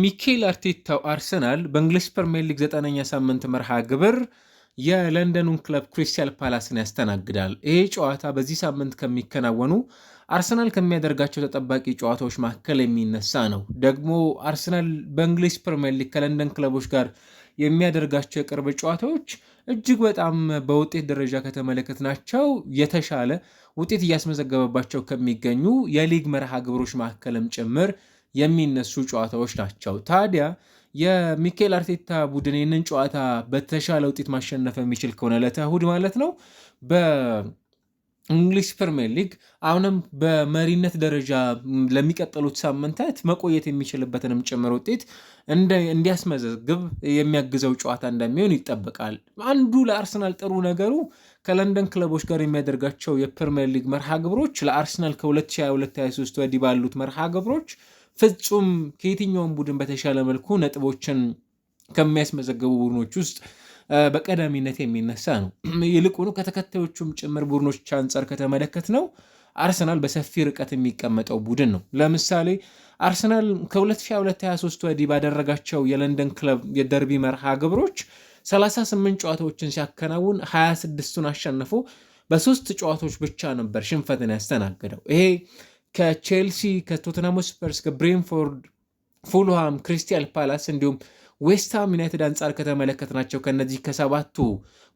ሚኬል አርቴታው አርሰናል በእንግሊዝ ፕሪሚየር ሊግ ዘጠነኛ ሳምንት መርሃ ግብር የለንደኑን ክለብ ክሪስታል ፓላስን ያስተናግዳል። ይህ ጨዋታ በዚህ ሳምንት ከሚከናወኑ አርሰናል ከሚያደርጋቸው ተጠባቂ ጨዋታዎች መካከል የሚነሳ ነው። ደግሞ አርሰናል በእንግሊዝ ፕሪሚየር ሊግ ከለንደን ክለቦች ጋር የሚያደርጋቸው የቅርብ ጨዋታዎች እጅግ በጣም በውጤት ደረጃ ከተመለከትናቸው የተሻለ ውጤት እያስመዘገበባቸው ከሚገኙ የሊግ መርሃ ግብሮች መካከልም ጭምር የሚነሱ ጨዋታዎች ናቸው። ታዲያ የሚካኤል አርቴታ ቡድን ይህንን ጨዋታ በተሻለ ውጤት ማሸነፍ የሚችል ከሆነ ለተሁድ ማለት ነው በ እንግሊዝ ሊግ አሁንም በመሪነት ደረጃ ለሚቀጥሉት ሳምንታት መቆየት የሚችልበትንም ጭምር ውጤት እንዲያስመዘግብ የሚያግዘው ጨዋታ እንደሚሆን ይጠበቃል። አንዱ ለአርሰናል ጥሩ ነገሩ ከለንደን ክለቦች ጋር የሚያደርጋቸው የፕሪሚየር ሊግ መርሃ ግብሮች ለአርሰናል ከ2022/23 ወዲህ ባሉት መርሃ ግብሮች ፍጹም ከየትኛውም ቡድን በተሻለ መልኩ ነጥቦችን ከሚያስመዘግቡ ቡድኖች ውስጥ በቀዳሚነት የሚነሳ ነው። ይልቁኑ ከተከታዮቹም ጭምር ቡድኖች አንጻር ከተመለከት ነው አርሰናል በሰፊ ርቀት የሚቀመጠው ቡድን ነው። ለምሳሌ አርሰናል ከ2022/23 ወዲህ ባደረጋቸው የለንደን ክለብ የደርቢ መርሃ ግብሮች 38 ጨዋታዎችን ሲያከናውን 26ቱን አሸንፎ በሶስት ጨዋታዎች ብቻ ነበር ሽንፈትን ያስተናገደው። ይሄ ከቼልሲ፣ ከቶተናም ስፐርስ፣ ከብሬንፎርድ፣ ፉልሃም፣ ክሪስታል ፓላስ እንዲሁም ዌስትሃም ዩናይትድ አንጻር ከተመለከትናቸው ከነዚህ ከሰባቱ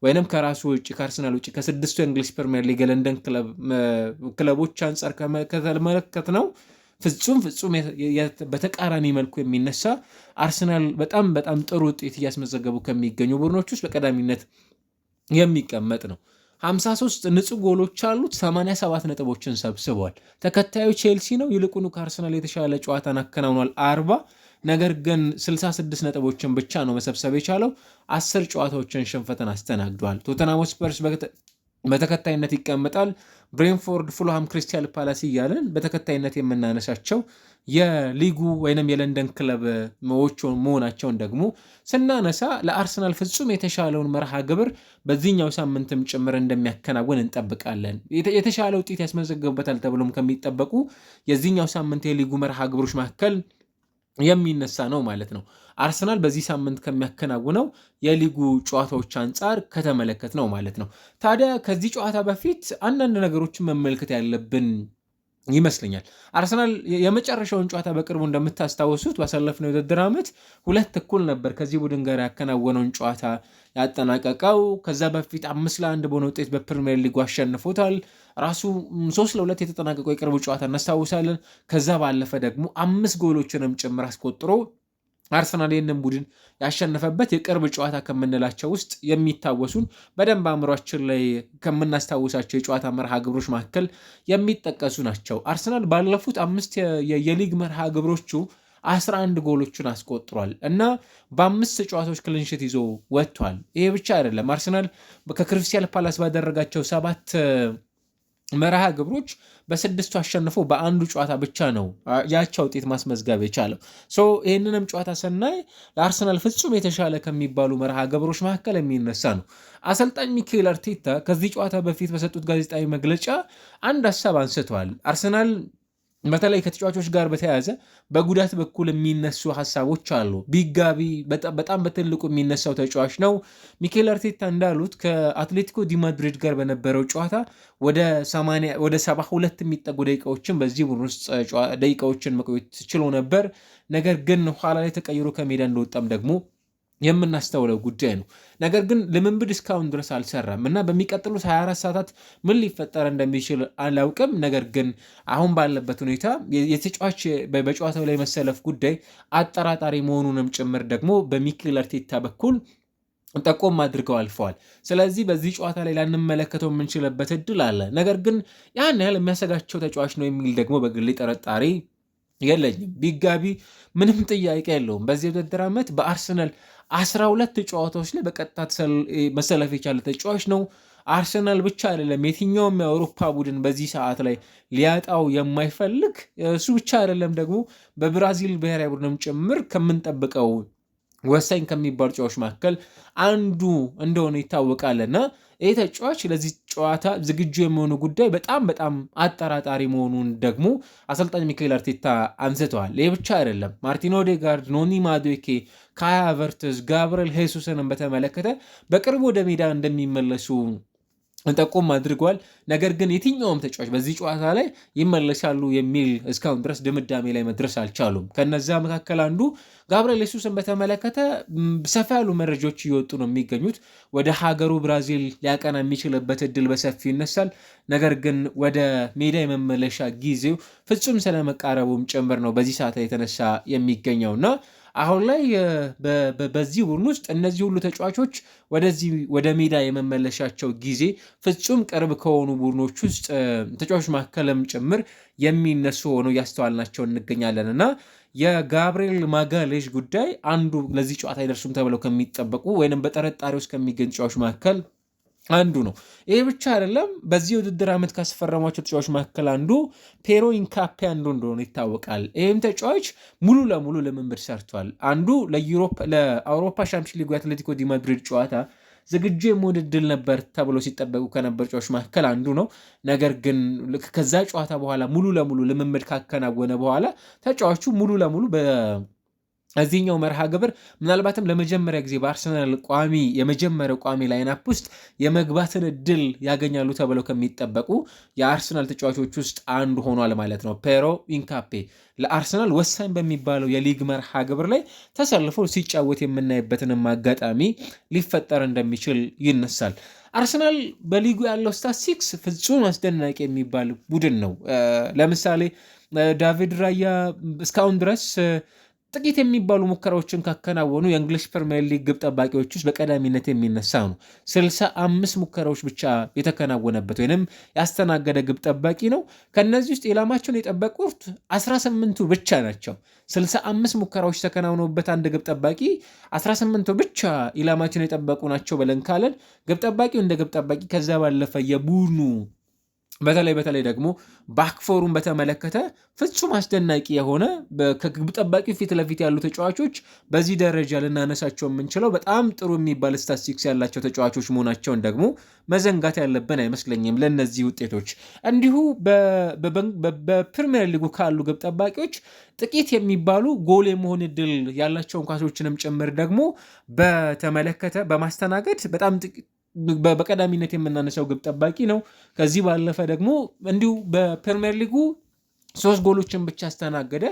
ወይም ከራሱ ውጭ ከአርሰናል ውጭ ከስድስቱ የእንግሊዝ ፕሪሚየር ሊግ ለንደን ክለቦች አንጻር ከተመለከት ነው ፍጹም ፍጹም በተቃራኒ መልኩ የሚነሳ አርሰናል በጣም በጣም ጥሩ ውጤት እያስመዘገቡ ከሚገኙ ቡድኖች ውስጥ በቀዳሚነት የሚቀመጥ ነው። 53 ንጹህ ጎሎች አሉት፣ 87 ነጥቦችን ሰብስቧል። ተከታዩ ቼልሲ ነው። ይልቁኑ ከአርሰናል የተሻለ ጨዋታን አከናውኗል 40 ነገር ግን 66 ነጥቦችን ብቻ ነው መሰብሰብ የቻለው። 10 ጨዋታዎችን ሽንፈትን አስተናግዷል። ቶተናም ስፐርስ በተከታይነት ይቀመጣል። ብሬንፎርድ፣ ፉልሃም፣ ክሪስታል ፓላስ እያለን በተከታይነት የምናነሳቸው የሊጉ ወይንም የለንደን ክለቦች መሆናቸውን ደግሞ ስናነሳ ለአርሰናል ፍጹም የተሻለውን መርሃ ግብር በዚህኛው ሳምንትም ጭምር እንደሚያከናውን እንጠብቃለን። የተሻለ ውጤት ያስመዘግብበታል ተብሎም ከሚጠበቁ የዚህኛው ሳምንት የሊጉ መርሃ ግብሮች መካከል የሚነሳ ነው ማለት ነው። አርሰናል በዚህ ሳምንት ከሚያከናውነው የሊጉ ጨዋታዎች አንጻር ከተመለከት ነው ማለት ነው። ታዲያ ከዚህ ጨዋታ በፊት አንዳንድ ነገሮችን መመልከት ያለብን ይመስለኛል አርሰናል የመጨረሻውን ጨዋታ በቅርቡ እንደምታስታውሱት ባሳለፍነው የውድድር ዓመት ሁለት እኩል ነበር ከዚህ ቡድን ጋር ያከናወነውን ጨዋታ ያጠናቀቀው። ከዛ በፊት አምስት ለአንድ በሆነ ውጤት በፕሪሚየር ሊጉ አሸንፎታል። ራሱ ሶስት ለሁለት የተጠናቀቀው የቅርቡ ጨዋታ እናስታውሳለን። ከዛ ባለፈ ደግሞ አምስት ጎሎችንም ጭምር አስቆጥሮ አርሰናል ይህንን ቡድን ያሸነፈበት የቅርብ ጨዋታ ከምንላቸው ውስጥ የሚታወሱን በደንብ አእምሯችን ላይ ከምናስታውሳቸው የጨዋታ መርሃ ግብሮች መካከል የሚጠቀሱ ናቸው። አርሰናል ባለፉት አምስት የሊግ መርሃ ግብሮቹ 11 ጎሎችን አስቆጥሯል እና በአምስት ጨዋታዎች ክሊንሽት ይዞ ወጥቷል። ይሄ ብቻ አይደለም። አርሰናል ከክሪስታል ፓላስ ባደረጋቸው ሰባት መርሃ ግብሮች በስድስቱ አሸንፎ በአንዱ ጨዋታ ብቻ ነው ያቻ ውጤት ማስመዝገብ የቻለው። ይህንንም ጨዋታ ስናይ ለአርሰናል ፍጹም የተሻለ ከሚባሉ መርሃ ግብሮች መካከል የሚነሳ ነው። አሰልጣኝ ሚካኤል አርቴታ ከዚህ ጨዋታ በፊት በሰጡት ጋዜጣዊ መግለጫ አንድ ሀሳብ አንስተዋል። አርሰናል በተለይ ከተጫዋቾች ጋር በተያያዘ በጉዳት በኩል የሚነሱ ሀሳቦች አሉ። ቢጋቢ በጣም በትልቁ የሚነሳው ተጫዋች ነው። ሚኬል አርቴታ እንዳሉት ከአትሌቲኮ ዲ ማድሪድ ጋር በነበረው ጨዋታ ወደ 72 የሚጠጉ ደቂቃዎችን በዚህ ቡድን ውስጥ ደቂቃዎችን መቆየት ችሎ ነበር። ነገር ግን ኋላ ላይ ተቀይሮ ከሜዳ እንደወጣም ደግሞ የምናስተውለው ጉዳይ ነው። ነገር ግን ልምምድ እስካሁን ድረስ አልሰራም እና በሚቀጥሉት 24 ሰዓታት ምን ሊፈጠር እንደሚችል አላውቅም። ነገር ግን አሁን ባለበት ሁኔታ የተጫዋች በጨዋታው ላይ መሰለፍ ጉዳይ አጠራጣሪ መሆኑንም ጭምር ደግሞ በሚኬል አርቴታ በኩል ጠቆም አድርገው አልፈዋል። ስለዚህ በዚህ ጨዋታ ላይ ላንመለከተው የምንችልበት እድል አለ። ነገር ግን ያን ያህል የሚያሰጋቸው ተጫዋች ነው የሚል ደግሞ በግሌ ጠረጣሪ የለኝም። ቢጋቢ ምንም ጥያቄ የለውም። በዚህ ውድድር ዓመት በአርሰናል አስራ ሁለት ጨዋታዎች ላይ በቀጥታ መሰለፍ የቻለ ተጫዋች ነው። አርሰናል ብቻ አይደለም፣ የትኛውም የአውሮፓ ቡድን በዚህ ሰዓት ላይ ሊያጣው የማይፈልግ እሱ ብቻ አይደለም ደግሞ በብራዚል ብሔራዊ ቡድንም ጭምር ከምንጠብቀው ወሳኝ ከሚባሉ ጨዋዎች መካከል አንዱ እንደሆነ ይታወቃልና ይህ ተጫዋች ለዚህ ጨዋታ ዝግጁ የመሆኑ ጉዳይ በጣም በጣም አጠራጣሪ መሆኑን ደግሞ አሰልጣኝ ሚካኤል አርቴታ አንስተዋል። ይህ ብቻ አይደለም። ማርቲን ኦዴጋርድ፣ ኖኒ ማዶኬ፣ ካይ ሃቨርትዝ፣ ጋብርኤል ሄሱስንም በተመለከተ በቅርቡ ወደ ሜዳ እንደሚመለሱ ጠቆም አድርጓል። ነገር ግን የትኛውም ተጫዋች በዚህ ጨዋታ ላይ ይመለሳሉ የሚል እስካሁን ድረስ ድምዳሜ ላይ መድረስ አልቻሉም። ከነዛ መካከል አንዱ ጋብርኤል ሱስን በተመለከተ ሰፋ ያሉ መረጃዎች እየወጡ ነው የሚገኙት። ወደ ሀገሩ ብራዚል ሊያቀና የሚችልበት እድል በሰፊ ይነሳል። ነገር ግን ወደ ሜዳ የመመለሻ ጊዜው ፍጹም ስለመቃረቡም ጭምር ነው በዚህ ሰዓት የተነሳ የሚገኘውና አሁን ላይ በዚህ ቡድን ውስጥ እነዚህ ሁሉ ተጫዋቾች ወደዚህ ወደ ሜዳ የመመለሻቸው ጊዜ ፍጹም ቅርብ ከሆኑ ቡድኖች ውስጥ ተጫዋቾች መካከልም ጭምር የሚነሱ ሆነው እያስተዋልናቸው እንገኛለን እና የጋብሪኤል ማጋሌዥ ጉዳይ አንዱ ለዚህ ጨዋታ አይደርሱም ተብለው ከሚጠበቁ ወይም በጠረጣሪ ውስጥ ከሚገኙ ተጫዋቾች መካከል አንዱ ነው። ይሄ ብቻ አይደለም። በዚህ የውድድር ዓመት ካስፈረሟቸው ተጫዋች መካከል አንዱ ፔሮ ኢንካፔ አንዱ እንደሆነ ይታወቃል። ይህም ተጫዋች ሙሉ ለሙሉ ልምምድ ሰርቷል። አንዱ ለአውሮፓ ሻምፒዮንስ ሊጉ የአትሌቲኮ ዲ ማድሪድ ጨዋታ ዝግጁ የመሆን ዕድል ነበር ተብሎ ሲጠበቁ ከነበር ጨዋቾች መካከል አንዱ ነው። ነገር ግን ከዛ ጨዋታ በኋላ ሙሉ ለሙሉ ልምምድ ካከናወነ በኋላ ተጫዋቹ ሙሉ ለሙሉ እዚህኛው መርሃ ግብር ምናልባትም ለመጀመሪያ ጊዜ በአርሰናል ቋሚ የመጀመሪያው ቋሚ ላይናፕ ውስጥ የመግባትን እድል ያገኛሉ ተብለው ከሚጠበቁ የአርሰናል ተጫዋቾች ውስጥ አንዱ ሆኗል ማለት ነው። ፔሮ ኢንካፔ ለአርሰናል ወሳኝ በሚባለው የሊግ መርሃ ግብር ላይ ተሰልፎ ሲጫወት የምናይበትንም አጋጣሚ ሊፈጠር እንደሚችል ይነሳል። አርሰናል በሊጉ ያለው ስታሲክስ ፍጹም አስደናቂ የሚባል ቡድን ነው። ለምሳሌ ዳቪድ ራያ እስካሁን ድረስ ጥቂት የሚባሉ ሙከራዎችን ካከናወኑ የእንግሊሽ ፕሪምየር ሊግ ግብ ጠባቂዎች ውስጥ በቀዳሚነት የሚነሳ ነው። ስልሳ አምስት ሙከራዎች ብቻ የተከናወነበት ወይንም ያስተናገደ ግብ ጠባቂ ነው። ከእነዚህ ውስጥ ኢላማቸውን የጠበቁት 18ቱ ብቻ ናቸው። ስልሳ አምስት ሙከራዎች ተከናውነውበት አንድ ግብ ጠባቂ 18ቱ ብቻ ኢላማቸውን የጠበቁ ናቸው ብለን ካለን ግብ ጠባቂው እንደ ግብ ጠባቂ ከዛ ባለፈ የቡድኑ በተለይ በተለይ ደግሞ ባክፎሩን በተመለከተ ፍጹም አስደናቂ የሆነ ከግብ ጠባቂ ፊት ለፊት ያሉ ተጫዋቾች በዚህ ደረጃ ልናነሳቸው የምንችለው በጣም ጥሩ የሚባል ስታስቲክስ ያላቸው ተጫዋቾች መሆናቸውን ደግሞ መዘንጋት ያለብን አይመስለኝም። ለእነዚህ ውጤቶች እንዲሁ በፕሪሚየር ሊጉ ካሉ ግብ ጠባቂዎች ጥቂት የሚባሉ ጎል የመሆን እድል ያላቸውን ኳሶችንም ጭምር ደግሞ በተመለከተ በማስተናገድ በጣም በቀዳሚነት የምናነሳው ግብ ጠባቂ ነው። ከዚህ ባለፈ ደግሞ እንዲሁ በፕሪምየር ሊጉ ሶስት ጎሎችን ብቻ አስተናገደ።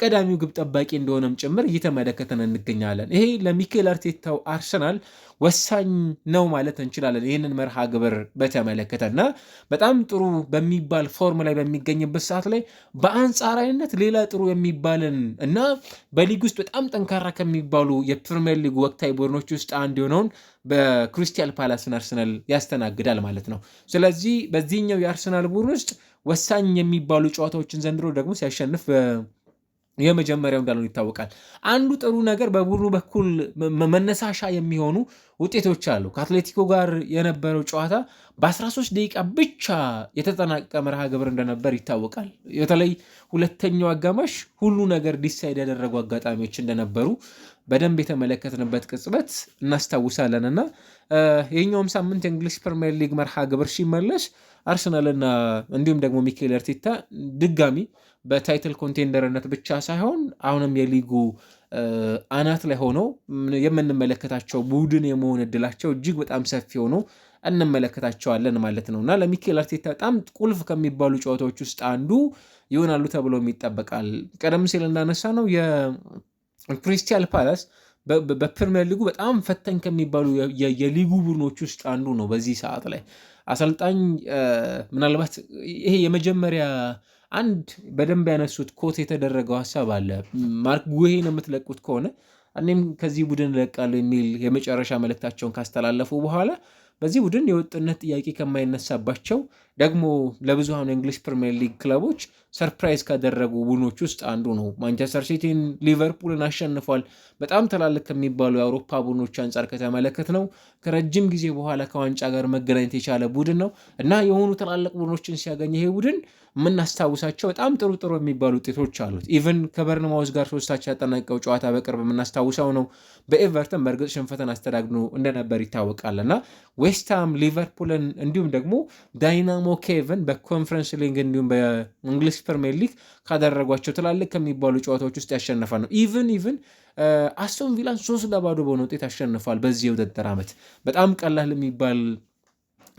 ቀዳሚው ግብ ጠባቂ እንደሆነም ጭምር እየተመለከተን እንገኛለን። ይሄ ለሚኬል አርቴታው አርሰናል ወሳኝ ነው ማለት እንችላለን። ይህንን መርሃ ግብር በተመለከተ እና በጣም ጥሩ በሚባል ፎርም ላይ በሚገኝበት ሰዓት ላይ በአንጻራዊነት ሌላ ጥሩ የሚባልን እና በሊግ ውስጥ በጣም ጠንካራ ከሚባሉ የፕሪምየር ሊግ ወቅታዊ ቡድኖች ውስጥ አንድ የሆነውን በክሪስታል ፓላስን አርሰናል ያስተናግዳል ማለት ነው። ስለዚህ በዚህኛው የአርሰናል ቡድን ውስጥ ወሳኝ የሚባሉ ጨዋታዎችን ዘንድሮ ደግሞ ሲያሸንፍ የመጀመሪያው እንዳልሆነ ይታወቃል። አንዱ ጥሩ ነገር በቡድኑ በኩል መነሳሻ የሚሆኑ ውጤቶች አሉ። ከአትሌቲኮ ጋር የነበረው ጨዋታ በ13 ደቂቃ ብቻ የተጠናቀቀ መርሃ ግብር እንደነበር ይታወቃል። በተለይ ሁለተኛው አጋማሽ ሁሉ ነገር ዲሳይድ ያደረጉ አጋጣሚዎች እንደነበሩ በደንብ የተመለከትንበት ቅጽበት እናስታውሳለንና ይህኛውም ሳምንት የእንግሊዝ ፕሪምየር ሊግ መርሃ ግብር ሲመለስ አርሰናልና እንዲሁም ደግሞ ሚኬል አርቴታ ድጋሚ በታይትል ኮንቴንደርነት ብቻ ሳይሆን አሁንም የሊጉ አናት ላይ ሆነው የምንመለከታቸው ቡድን የመሆን እድላቸው እጅግ በጣም ሰፊ ሆኖ እንመለከታቸዋለን ማለት ነው እና ለሚኬል አርቴታ በጣም ቁልፍ ከሚባሉ ጨዋታዎች ውስጥ አንዱ ይሆናሉ ተብሎም ይጠበቃል። ቀደም ሲል እንዳነሳ ነው የክሪስታል ፓላስ በፕሪሚየር ሊጉ በጣም ፈተኝ ከሚባሉ የሊጉ ቡድኖች ውስጥ አንዱ ነው። በዚህ ሰዓት ላይ አሰልጣኝ ምናልባት ይሄ የመጀመሪያ አንድ በደንብ ያነሱት ኮት የተደረገው ሀሳብ አለ። ማርክ ጉሄን የምትለቁት ከሆነ እኔም ከዚህ ቡድን እለቃለሁ የሚል የመጨረሻ መልእክታቸውን ካስተላለፉ በኋላ በዚህ ቡድን የወጥነት ጥያቄ ከማይነሳባቸው ደግሞ ለብዙሃኑ የእንግሊዝ ፕሪምየር ሊግ ክለቦች ሰርፕራይዝ ካደረጉ ቡድኖች ውስጥ አንዱ ነው። ማንቸስተር ሲቲን፣ ሊቨርፑልን አሸንፏል። በጣም ትላልቅ ከሚባሉ የአውሮፓ ቡድኖች አንጻር ከተመለከት ነው ከረጅም ጊዜ በኋላ ከዋንጫ ጋር መገናኘት የቻለ ቡድን ነው እና የሆኑ ትላልቅ ቡድኖችን ሲያገኝ ይሄ ቡድን የምናስታውሳቸው በጣም ጥሩ ጥሩ የሚባሉ ውጤቶች አሉት። ኢቨን ከበርንማውዝ ጋር ሶስታቸው ያጠናቀው ጨዋታ በቅርብ የምናስታውሰው ነው። በኤቨርተን በእርግጥ ሽንፈትን አስተዳግኖ እንደነበር ይታወቃል እና ዌስትሃም፣ ሊቨርፑልን እንዲሁም ደግሞ ዳይናሞ ኬቭን በኮንፈረንስ ሊግ እንዲሁም በእንግሊዝ ፕሪሚየር ሊግ ካደረጓቸው ትላልቅ ከሚባሉ ጨዋታዎች ውስጥ ያሸነፈ ነው። ኢቨን ኢቨን አስቶን ቪላን ሶስት ለባዶ በሆነ ውጤት አሸንፏል። በዚህ የውድድር ዓመት በጣም ቀላል የሚባል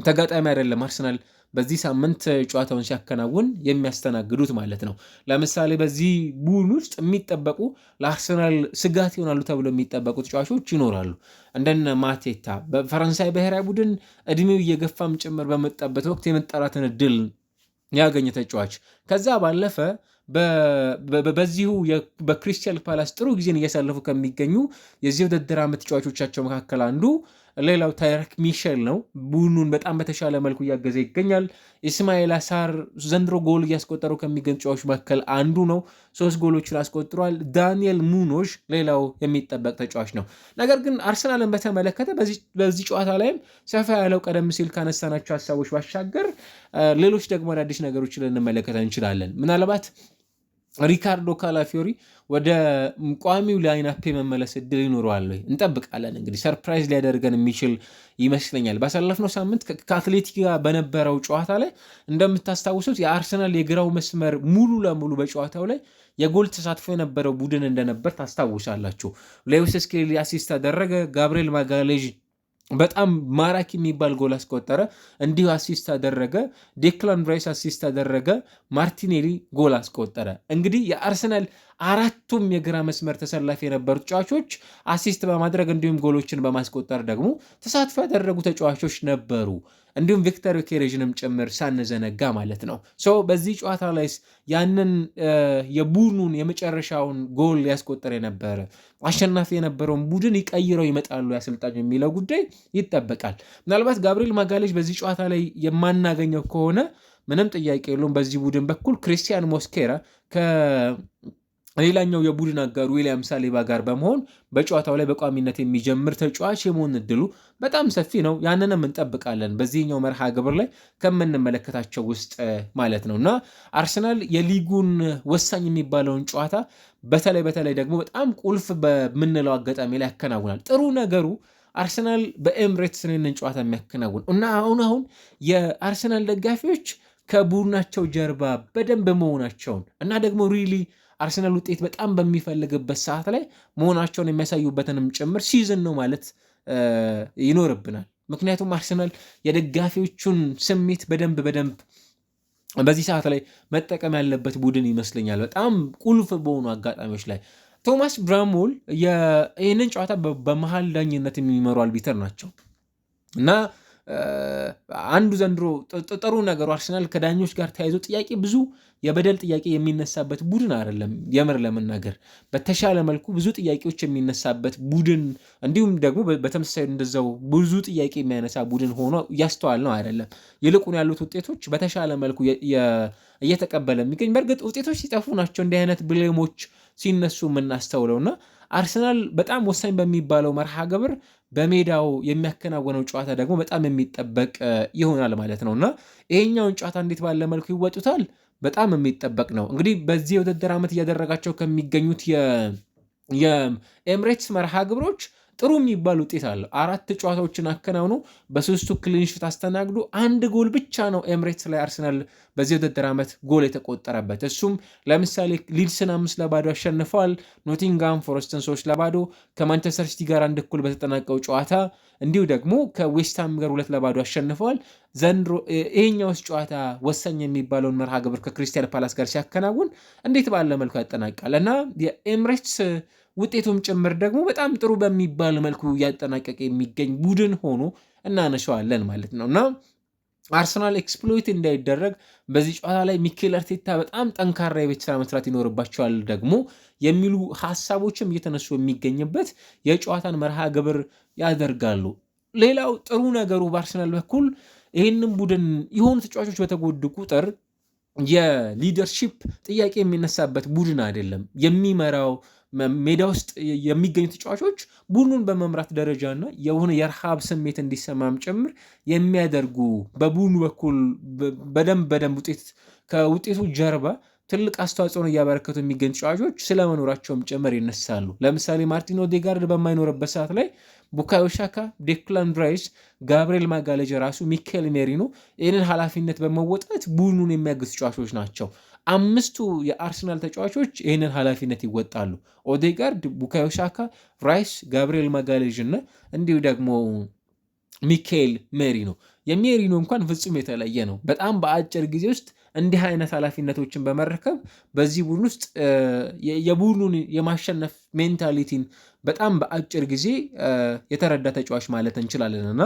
ተጋጣሚ አይደለም አርሰናል በዚህ ሳምንት ጨዋታውን ሲያከናውን የሚያስተናግዱት ማለት ነው። ለምሳሌ በዚህ ቡድን ውስጥ የሚጠበቁ ለአርሰናል ስጋት ይሆናሉ ተብሎ የሚጠበቁ ተጫዋቾች ይኖራሉ። እንደነ ማቴታ በፈረንሳይ ብሔራዊ ቡድን እድሜው እየገፋም ጭምር በመጣበት ወቅት የመጠራትን እድል ያገኘ ተጫዋች ከዛ ባለፈ በዚሁ በክሪስታል ፓላስ ጥሩ ጊዜን እያሳለፉ ከሚገኙ የዚህ ውድድር ዓመት ተጫዋቾቻቸው መካከል አንዱ ሌላው ታሪክ ሚሼል ነው። ቡኑን በጣም በተሻለ መልኩ እያገዘ ይገኛል። ኢስማኤል አሳር ዘንድሮ ጎል እያስቆጠሩ ከሚገኙ ተጫዋቾች መካከል አንዱ ነው። ሶስት ጎሎችን አስቆጥሯል። ዳንኤል ሙኖሽ ሌላው የሚጠበቅ ተጫዋች ነው። ነገር ግን አርሰናልን በተመለከተ በዚህ ጨዋታ ላይም ሰፋ ያለው ቀደም ሲል ካነሳናቸው ሀሳቦች ባሻገር ሌሎች ደግሞ አዳዲስ ነገሮችን ልንመለከት እንችላለን ምናልባት ሪካርዶ ካላፊዮሪ ወደ ቋሚው ላይናፕ የመመለስ እድል ይኖረዋል ወይ? እንጠብቃለን። እንግዲህ ሰርፕራይዝ ሊያደርገን የሚችል ይመስለኛል። ባሳለፍነው ሳምንት ከአትሌቲክ ጋር በነበረው ጨዋታ ላይ እንደምታስታውሱት የአርሰናል የግራው መስመር ሙሉ ለሙሉ በጨዋታው ላይ የጎል ተሳትፎ የነበረው ቡድን እንደነበር ታስታውሳላችሁ። ሌዊስ ስኬሊ አሲስት አደረገ። ጋብሪኤል ማጋሌዥ በጣም ማራኪ የሚባል ጎል አስቆጠረ። እንዲሁ አሲስት አደረገ። ዴክላን ራይስ አሲስት አደረገ። ማርቲኔሊ ጎል አስቆጠረ። እንግዲህ የአርሰናል አራቱም የግራ መስመር ተሰላፊ የነበሩ ተጫዋቾች አሲስት በማድረግ እንዲሁም ጎሎችን በማስቆጠር ደግሞ ተሳትፎ ያደረጉ ተጫዋቾች ነበሩ። እንዲሁም ቪክተር ኬሬዥንም ጭምር ሳንዘነጋ ማለት ነው። በዚህ ጨዋታ ላይ ያንን የቡድኑን የመጨረሻውን ጎል ያስቆጠር የነበረ አሸናፊ የነበረውን ቡድን ይቀይረው ይመጣሉ ያሰልጣኝ የሚለው ጉዳይ ይጠበቃል። ምናልባት ጋብሪኤል ማጋሌጅ በዚህ ጨዋታ ላይ የማናገኘው ከሆነ ምንም ጥያቄ የለውም በዚህ ቡድን በኩል ክሪስቲያን ሞስኬራ ሌላኛው የቡድን አጋሩ ዊሊያም ሳሊባ ጋር በመሆን በጨዋታው ላይ በቋሚነት የሚጀምር ተጫዋች የመሆን እድሉ በጣም ሰፊ ነው። ያንንም እንጠብቃለን በዚህኛው መርሃ ግብር ላይ ከምንመለከታቸው ውስጥ ማለት ነው እና አርሰናል የሊጉን ወሳኝ የሚባለውን ጨዋታ በተለይ በተለይ ደግሞ በጣም ቁልፍ በምንለው አጋጣሚ ላይ ያከናውናል። ጥሩ ነገሩ አርሰናል በኤምሬትስ ይህንን ጨዋታ የሚያከናውን እና አሁን አሁን የአርሰናል ደጋፊዎች ከቡድናቸው ጀርባ በደንብ መሆናቸውን እና ደግሞ ሪሊ አርሰናል ውጤት በጣም በሚፈልግበት ሰዓት ላይ መሆናቸውን የሚያሳዩበትንም ጭምር ሲዝን ነው ማለት ይኖርብናል። ምክንያቱም አርሰናል የደጋፊዎቹን ስሜት በደንብ በደንብ በዚህ ሰዓት ላይ መጠቀም ያለበት ቡድን ይመስለኛል። በጣም ቁልፍ በሆኑ አጋጣሚዎች ላይ ቶማስ ብራሞል ይህንን ጨዋታ በመሀል ዳኝነት የሚመሩ አልቢተር ናቸው እና አንዱ ዘንድሮ ጥሩ ነገሩ አርሰናል ከዳኞች ጋር ተያይዞ ጥያቄ ብዙ የበደል ጥያቄ የሚነሳበት ቡድን አይደለም። የምር ለመናገር በተሻለ መልኩ ብዙ ጥያቄዎች የሚነሳበት ቡድን እንዲሁም ደግሞ በተመሳሳይ እንደዛው ብዙ ጥያቄ የሚያነሳ ቡድን ሆኖ እያስተዋል ነው አይደለም። ይልቁን ያሉት ውጤቶች በተሻለ መልኩ እየተቀበለ የሚገኝ በእርግጥ ውጤቶች ሲጠፉ ናቸው እንዲህ አይነት ብሌሞች ሲነሱ የምናስተውለውና አርሰናል በጣም ወሳኝ በሚባለው መርሃ ግብር በሜዳው የሚያከናወነው ጨዋታ ደግሞ በጣም የሚጠበቅ ይሆናል ማለት ነው እና ይሄኛውን ጨዋታ እንዴት ባለ መልኩ ይወጡታል በጣም የሚጠበቅ ነው። እንግዲህ በዚህ የውድድር ዓመት እያደረጋቸው ከሚገኙት የኤምሬትስ መርሃ ግብሮች ጥሩ የሚባል ውጤት አለው። አራት ጨዋታዎችን አከናውኖ በሶስቱ ክሊንሽት አስተናግዶ አንድ ጎል ብቻ ነው ኤምሬትስ ላይ አርሰናል በዚህ ውድድር ዓመት ጎል የተቆጠረበት። እሱም ለምሳሌ ሊድስን አምስት ለባዶ አሸንፈዋል። ኖቲንጋም ፎረስትን ሶስት ለባዶ፣ ከማንቸስተር ሲቲ ጋር አንድ እኩል በተጠናቀው ጨዋታ እንዲሁ ደግሞ ከዌስትሃም ጋር ሁለት ለባዶ አሸንፈዋል። ዘንድሮ ይሄኛውስ ጨዋታ ወሳኝ የሚባለውን መርሃ ግብር ከክሪስታል ፓላስ ጋር ሲያከናውን እንዴት ባለ መልኩ ያጠናቃል እና የኤምሬትስ ውጤቱም ጭምር ደግሞ በጣም ጥሩ በሚባል መልኩ እያጠናቀቀ የሚገኝ ቡድን ሆኖ እናነሸዋለን ማለት ነው እና አርሰናል ኤክስፕሎይት እንዳይደረግ በዚህ ጨዋታ ላይ ሚኬል አርቴታ በጣም ጠንካራ የቤት ስራ መስራት ይኖርባቸዋል ደግሞ የሚሉ ሀሳቦችም እየተነሱ የሚገኝበት የጨዋታን መርሃ ግብር ያደርጋሉ። ሌላው ጥሩ ነገሩ በአርሰናል በኩል ይህንም ቡድን የሆኑ ተጫዋቾች በተጎዱ ቁጥር የሊደርሺፕ ጥያቄ የሚነሳበት ቡድን አይደለም። የሚመራው ሜዳ ውስጥ የሚገኙ ተጫዋቾች ቡድኑን በመምራት ደረጃና የሆነ የረሃብ ስሜት እንዲሰማም ጭምር የሚያደርጉ በቡድኑ በኩል በደንብ በደንብ ውጤት ከውጤቱ ጀርባ ትልቅ ነው እያበረከቱ የሚገኙ ተጫዋቾች ስለመኖራቸውም ጭምር ይነሳሉ። ለምሳሌ ማርቲን ኦዴጋርድ በማይኖርበት ሰዓት ላይ ቡካዮ ሳካ፣ ዴክላን ራይስ፣ ራሱ ሚካኤል ሜሪኖ ይህንን ኃላፊነት በመወጣት ቡድኑን የሚያግዝ ተጫዋቾች ናቸው። አምስቱ የአርሰናል ተጫዋቾች ይህንን ኃላፊነት ይወጣሉ። ኦዴጋርድ፣ ቡካዮ ሳካ፣ ራይስ፣ ጋብሪኤል ማጋሌዥ እና እንዲሁ ደግሞ ሚካኤል ሜሪኖ የሜሪኖ እንኳን ፍጹም የተለየ ነው። በጣም በአጭር ጊዜ ውስጥ እንዲህ አይነት ኃላፊነቶችን በመረከብ በዚህ ቡድን ውስጥ የቡድኑን የማሸነፍ ሜንታሊቲን በጣም በአጭር ጊዜ የተረዳ ተጫዋች ማለት እንችላለን እና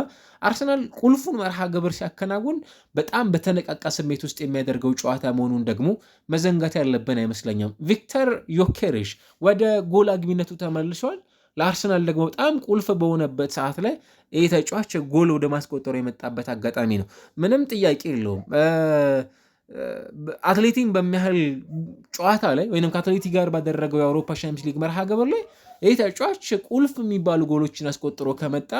አርሰናል ቁልፉን መርሃ ግብር ሲያከናውን በጣም በተነቃቃ ስሜት ውስጥ የሚያደርገው ጨዋታ መሆኑን ደግሞ መዘንጋት ያለብን አይመስለኛም። ቪክተር ዮኬሬሽ ወደ ጎል አግቢነቱ ተመልሷል። ለአርሰናል ደግሞ በጣም ቁልፍ በሆነበት ሰዓት ላይ ይህ ተጫዋች ጎል ወደ ማስቆጠሩ የመጣበት አጋጣሚ ነው። ምንም ጥያቄ የለውም። አትሌቲን በሚያህል ጨዋታ ላይ ወይም ከአትሌቲ ጋር ባደረገው የአውሮፓ ሻምፒዮንስ ሊግ መርሃ ግብር ላይ ይህ ተጫዋች ቁልፍ የሚባሉ ጎሎችን አስቆጥሮ ከመጣ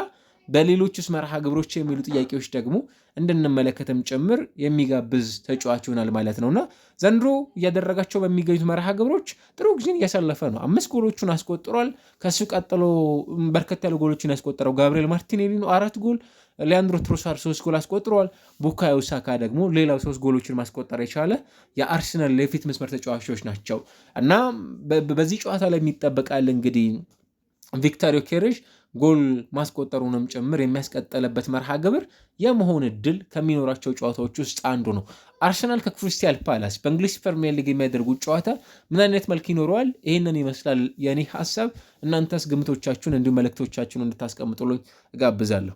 በሌሎቹስ መርሃ ግብሮች የሚሉ ጥያቄዎች ደግሞ እንድንመለከትም ጭምር የሚጋብዝ ተጫዋች ይሆናል ማለት ነውና ዘንድሮ እያደረጋቸው በሚገኙት መርሃ ግብሮች ጥሩ ጊዜን እያሳለፈ ነው። አምስት ጎሎቹን አስቆጥሯል። ከሱ ቀጥሎ በርከት ያሉ ጎሎችን ያስቆጠረው ጋብርኤል ማርቲኔሊ ነው፣ አራት ጎል። ሊያንድሮ ትሮሳር ሶስት ጎል አስቆጥረዋል። ቡካዮ ሳካ ደግሞ ሌላው ሶስት ጎሎችን ማስቆጠር የቻለ የአርሰናል የፊት መስመር ተጫዋቾች ናቸው እና በዚህ ጨዋታ ላይ የሚጠበቃል እንግዲህ ቪክተር ዮኬሬሽ ጎል ማስቆጠሩንም ጭምር የሚያስቀጠለበት መርሃ ግብር የመሆን እድል ከሚኖራቸው ጨዋታዎች ውስጥ አንዱ ነው። አርሰናል ከክሪስታል ፓላስ በእንግሊዝ ፕሪሚየር ሊግ የሚያደርጉት ጨዋታ ምን አይነት መልክ ይኖረዋል? ይህንን ይመስላል የኔ ሀሳብ። እናንተስ ግምቶቻችሁን እንዲሁ መልእክቶቻችሁን እንድታስቀምጡልኝ እጋብዛለሁ።